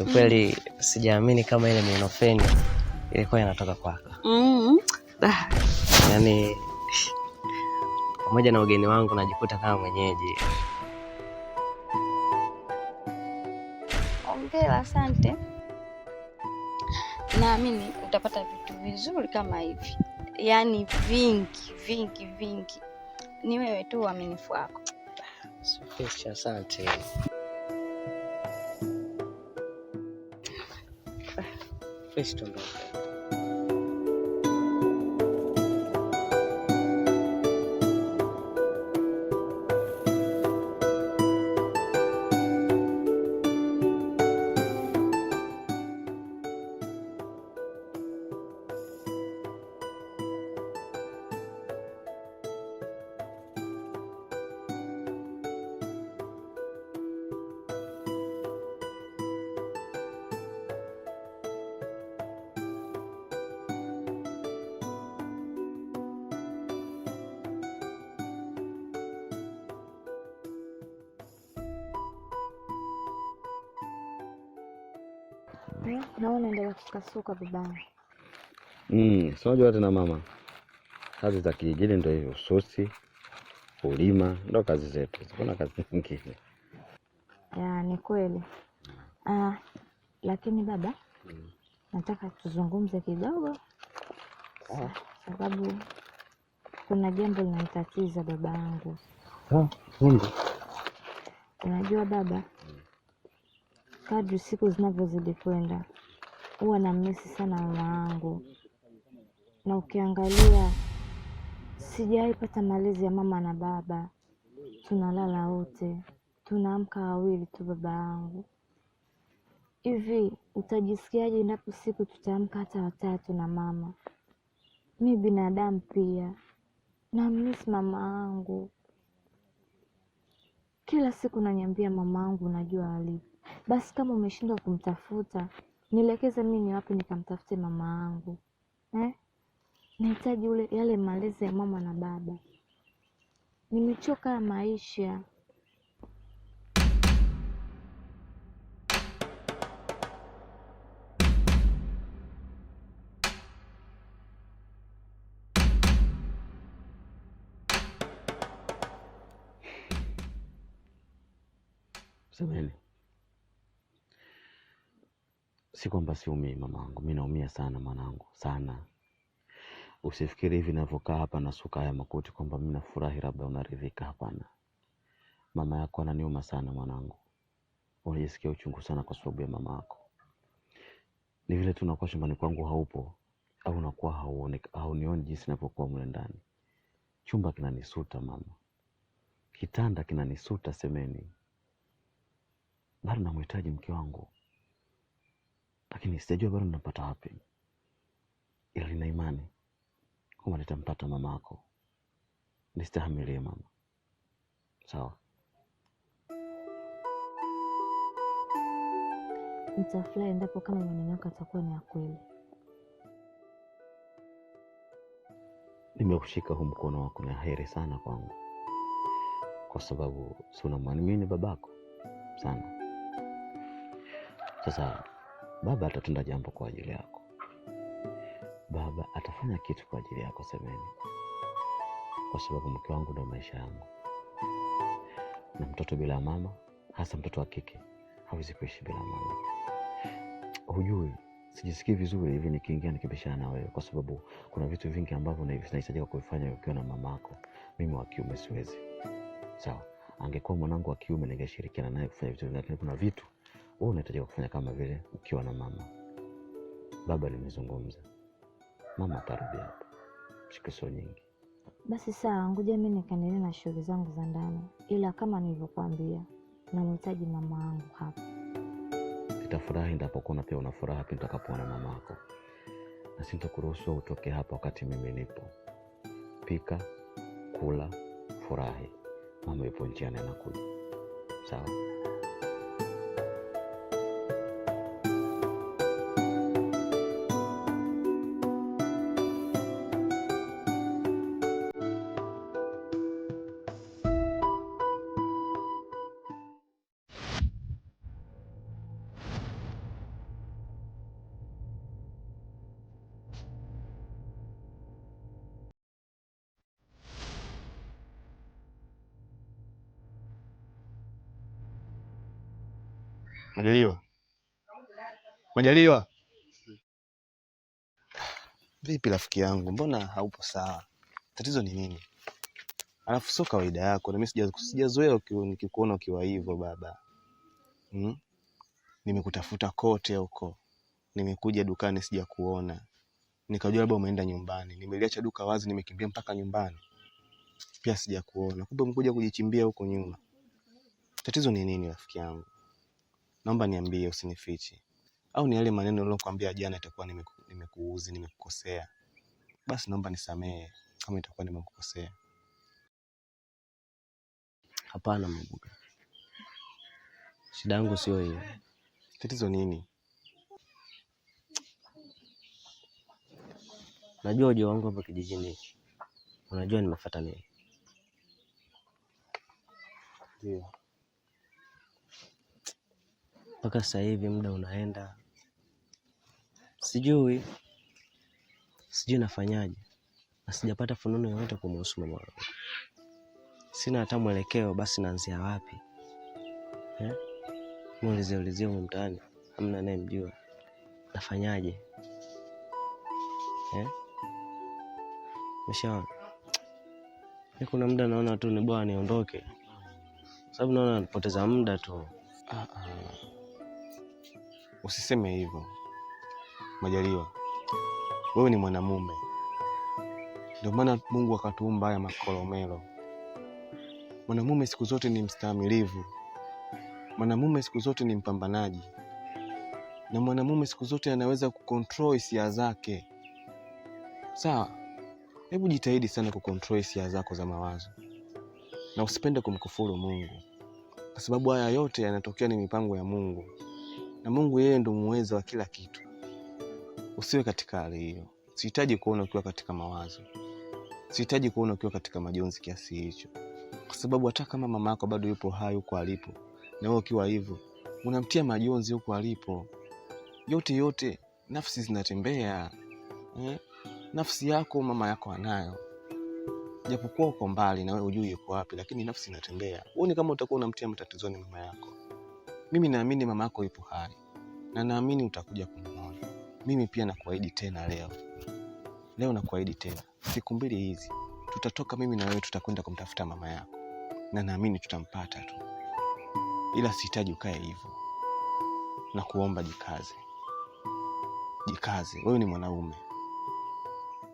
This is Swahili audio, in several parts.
Kiukweli sijaamini kama ile miunofeni ilikuwa inatoka kwako. Mm. Mm-hmm. Ah. yani pamoja na ugeni wangu najikuta kama mwenyeji. ongela asante. Naamini utapata vitu vizuri kama hivi, yaani vingi vingi vingi. Ni wewe tu uaminifu wako. Asante. பேசிட்டு வந்துடுவோம் Mm-hmm. naona wewe unaendelea vibaya. Mm, si unajua tena mama, kazi za kijijini ndio hizo, ususi, kulima ndio kazi zetu, sikuna kazi nyingine. Ya, ni kweli ah, lakini baba mm. nataka tuzungumze kidogo ah. sababu kuna jambo linanitatiza baba yangu. Ah, unajua baba kadri siku zinavyozidi kwenda, huwa mmesi sana mama yangu, na ukiangalia sijaipata malezi ya mama na baba. Tunalala wote, tunaamka wawili tu baba yangu. Hivi utajisikiaje endapo siku tutaamka hata watatu na mama? Mi binadamu pia, nammisi mama yangu. Kila siku nanyambia mama angu unajua alipo basi kama umeshindwa kumtafuta, nielekeze mimi ni wapi nikamtafute mama yangu eh? Nahitaji ule yale malezi ya mama na baba. Nimechoka ya maisha. Samahani si kwamba siumii mamangu, mi naumia sana mwanangu, sana. Usifikiri hivi navyokaa hapa na suka haya makuti kwamba mi nafurahi labda unaridhika. Hapana, mama yako ananiuma sana mwanangu, unajisikia uchungu sana kwa sababu ya mama yako. Ni vile tu nakuwa chumbani kwangu haupo, au unakuwa haunioni jinsi ninavyokuwa mle ndani. Chumba kinanisuta mama, kitanda kinanisuta, semeni. Bado namhitaji mke wangu lakini sijajua bado ninapata wapi, ila nina imani kwamba nitampata mama yako. Nistahamilie mama, sawa? Nitafurahi endapo kama maneno yako atakuwa ni ya kweli. Nimeushika huu mkono wako, na heri sana kwangu, kwa sababu si unamwamini babako sana. Sasa Baba atatenda jambo kwa ajili yako. Baba atafanya kitu kwa ajili yako, semeni, kwa sababu mke wangu ndio maisha yangu, na mtoto bila mama, hasa mtoto wa kike, hawezi kuishi bila mama. Hujui, sijisikii vizuri hivi nikiingia nikibishana na wewe, kwa sababu kuna vitu vingi ambavyo vinahitajika kuvifanya ukiwa na mama yako. Mimi wa kiume siwezi, sawa. Angekuwa mwanangu wa kiume ningeshirikiana naye kufanya vitu, lakini kuna vitu wewe unahitajika kufanya kama vile ukiwa na mama. Baba, nimezungumza, mama atarudi hapa siku sio nyingi. Basi sawa, ngoja mimi nikaendelee na shughuli zangu za ndani, ila kama nilivyokuambia, namhitaji mama wangu hapa. Nitafurahi ndapokuona pia una furaha pindi utakapoona mama yako, na sitakuruhusu utoke hapa wakati mimi nipo. Pika, kula, furahi, mama yupo njiani anakuja. Sawa. Majaliwa, Majaliwa, vipi rafiki yangu, mbona haupo sawa? Tatizo ni nini? Alafu sio kawaida yako, na mimi sijazoea nikikuona ukiwa hivyo baba. Hmm? Nimekutafuta kote huko, nimekuja dukani sijakuona, nikajua labda umeenda nyumbani. Nimeliacha duka wazi, nimekimbia mpaka nyumbani pia sijakuona, kumbe umekuja kujichimbia huko nyuma. Tatizo ni nini rafiki yangu? naomba niambie, usinifiche. Au ni yale maneno uliokuambia jana, itakuwa nimekuuzi, nimekukosea, basi naomba nisamehe kama itakuwa nimekukosea. Hapana Mbuga, shida yangu sio hiyo. Tatizo nini? Najua ujio wangu hapa kijijini, unajua nimefuata nini? Ndio mpaka sasa hivi muda unaenda, sijui sijui nafanyaje, na sijapata fununu yoyote kumhusu mama wangu. Sina hata mwelekeo, basi naanzia wapi eh? Muulize ulizie huko mtaani, hamna anayemjua, nafanyaje eh? Meshaona kuna muda naona tu ni bora niondoke, sababu naona napoteza muda tu. Ah, ah. Usiseme hivyo Majaliwa, wewe ni mwanamume, ndio maana Mungu akatuumba haya makolomelo. Mwanamume siku zote ni mstahimilivu, mwanamume siku zote ni mpambanaji, na mwanamume siku zote anaweza kukontrol hisia zake. Sawa, hebu jitahidi sana kukontrol hisia zako za mawazo, na usipende kumkufuru Mungu, kwa sababu haya yote yanatokea ni mipango ya Mungu na Mungu yeye ndo muweza wa kila kitu. Usiwe katika hali hiyo. Sihitaji kuona ukiwa katika mawazo, sihitaji kuona ukiwa katika majonzi kiasi hicho, kwa sababu hata kama mama yako bado yupo hai huko alipo, na wewe ukiwa hivyo unamtia majonzi huko alipo, yote yote, nafsi zinatembea eh? Nafsi yako mama yako anayo, japokuwa uko mbali na wewe ujui yuko wapi, lakini nafsi inatembea. Uone kama utakuwa unamtia matatizoni mama yako. Mimi naamini mama yako yupo hai na naamini utakuja kumuona Mimi pia nakuahidi tena leo, leo nakuahidi tena, siku mbili hizi tutatoka mimi na wewe, tutakwenda kumtafuta mama yako na naamini tutampata tu, ila sihitaji ukae hivyo. Nakuomba jikaze, jikaze. Wewe ni mwanaume,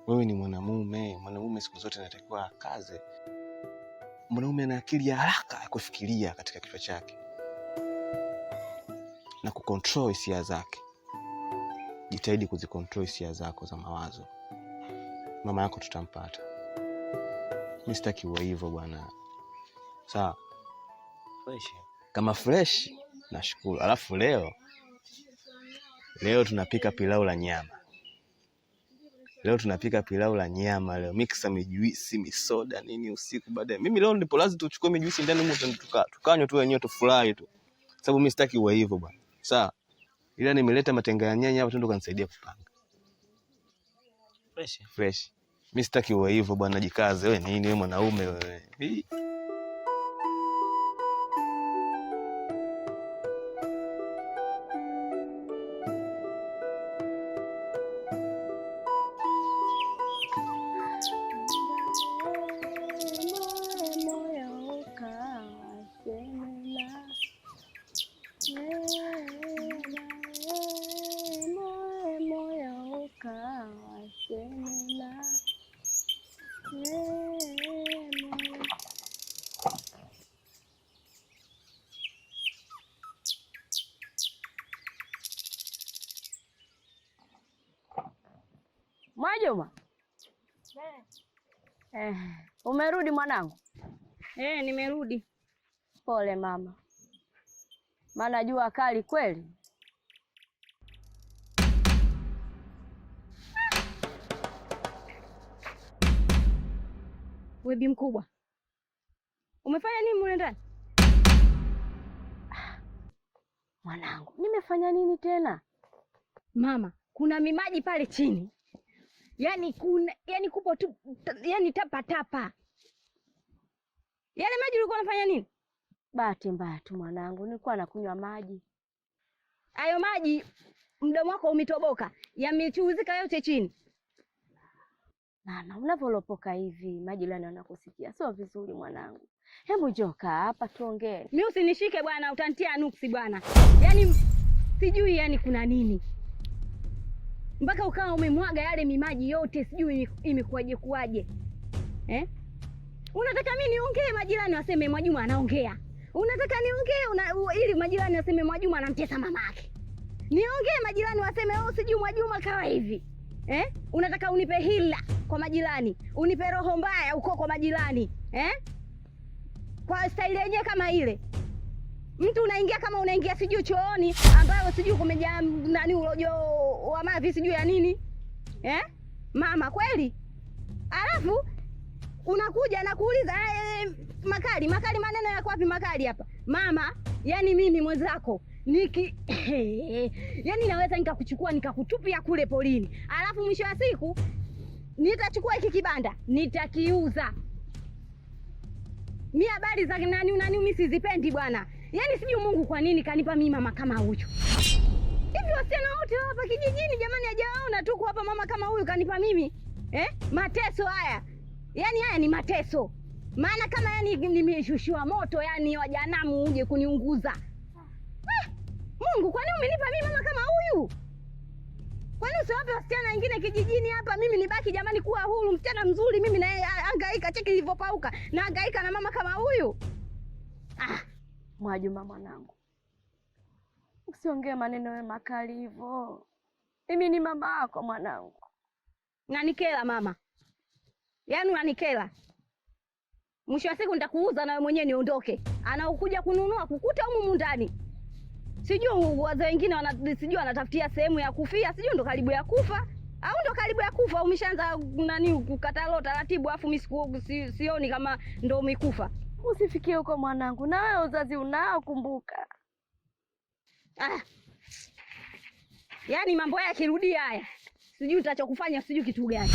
wewe ni mwanamume. Mwanamume siku zote anatakiwa akaze. Mwanaume ana akili ya haraka ya kufikiria katika kichwa chake na kukontrol hisia zake. Jitahidi kuzikontrol hisia zako za mawazo. Mama yako tutampata. Mi sitaki uwe hivyo bwana. Sawa, fresh kama fresh, nashukuru. Alafu leo leo tunapika pilau la nyama. Leo tunapika pilau la nyama leo, mixa mijuisi misoda nini usiku baadaye. Mimi leo ndipo lazima tuchukue mijuisi ndani huko tukanywe tu wenyewe tufurahi tu, sababu mi sitaki uwe hivyo bwana. Sawa. Ila nimeleta matenga ya nyanya hapa tu ndo kanisaidia kupanga. Fresh. Fresh. Mimi sitaki uwe hivyo bwana, jikaze wewe nini wewe mwanaume wewe. Juma eh, umerudi mwanangu? Eh, nimerudi. Pole mama, maana jua kali kweli. Webi mkubwa, umefanya nini mule ndani? Ah, mwanangu, nimefanya nini tena mama? Kuna mimaji pale chini yani kuna yani kupo tu yani tapa tapa. Yale yaani maji ulikuwa unafanya nini? Bahati mbaya tu mwanangu, nilikuwa nakunywa maji. Hayo maji mdomo wako umetoboka, yamechuzika yote chini. mama unavyolopoka hivi maji lana wanakusikia sio vizuri mwanangu. Hebu joka hapa tuongee. Mimi usinishike bwana, utantia nuksi bwana. Yaani sijui yani kuna nini mpaka ukawa umemwaga yale mimaji yote, sijui imekuwaje kuwaje eh? Unataka mimi niongee majirani waseme Mwajuma anaongea? Unataka niongee una, ili majirani waseme Mwajuma anamtesa mamake? Niongee majirani waseme oh, sijui Mwajuma kawa hivi eh? Unataka unipe hila kwa majirani, unipe roho mbaya uko kwa majirani eh? Kwa staili yenyewe kama ile Mtu unaingia kama unaingia sijui chooni ambayo sijui kumejaa nani urojo wa mavi sijui ya nini eh? Mama kweli, alafu unakuja na kuuliza ah, eh, eh, makali makali, maneno yako wapi makali hapa mama? Yani mimi mwenzako niki yani naweza nikakuchukua nikakutupia kule polini, alafu mwisho wa siku nitachukua hiki kibanda nitakiuza. Mi habari za nani unani mimi sizipendi bwana. Yaani sijui Mungu kwa nini kanipa mimi mama kama huyu. Hivi wasichana wote hapa kijijini jamani hajaona tu kuwapa mama kama huyu kanipa mimi. Eh? Mateso haya. Yaani haya ni mateso. Maana kama yani nimeshushiwa moto yani wajanamu uje kuniunguza. Eh, Mungu kwa nini umenipa mimi mama kama huyu? Kwa nini usiwape wasichana wengine kijijini hapa? Mimi nibaki jamani kuwa huru, msichana mzuri mimi na angaika cheki nilivyopauka. Na angaika na mama kama huyu. Ah. Mwajuma mwanangu, usiongee maneno ya makali hivyo. Mimi ni mama yako mwanangu. Nanikela mama, yaani unanikela. Mwisho wa siku nitakuuza na wewe mwenyewe niondoke. Anaokuja kununua kukuta humu ndani, sijui wazee wengine wana, sijui anatafutia sehemu ya kufia, sijui ndo karibu ya kufa au ndo karibu ya kufa umeshaanza nani kukata kukatalo taratibu, afu mimi sioni kama ndo umekufa usifikie huko mwanangu, na wewe uzazi unao kumbuka. Ah, yaani mambo haya yakirudia haya, sijui utachokufanya, sijui kitu gani.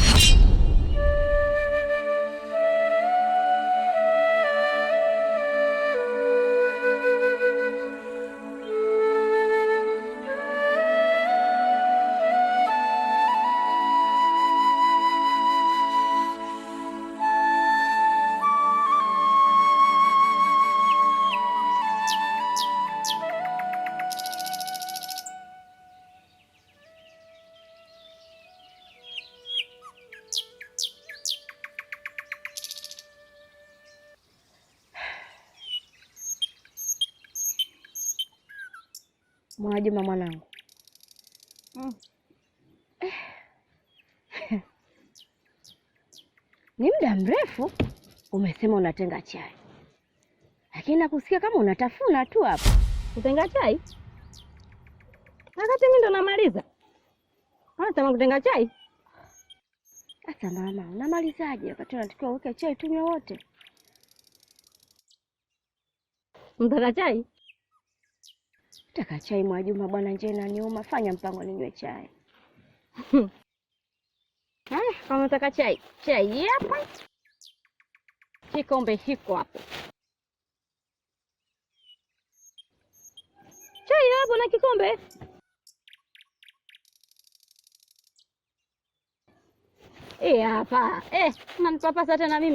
Mwajuma mwanangu, mm. ni muda mrefu umesema unatenga chai, lakini nakusikia kama unatafuna tu hapa. Kutenga chai wakati mimi ndo namaliza, anasema kutenga chai. Sasa mama, unamalizaje wakati unatakiwa uweke chai tunywe wote? Mtaka chai Taka chai Mwajuma bwana, na nyuma fanya mpango ninywe chai. Eh, Kama nataka chai, chai hapa, kikombe hiko hapo, chai hapo na kikombe. E hapa eh, nanipapasa tena mimi.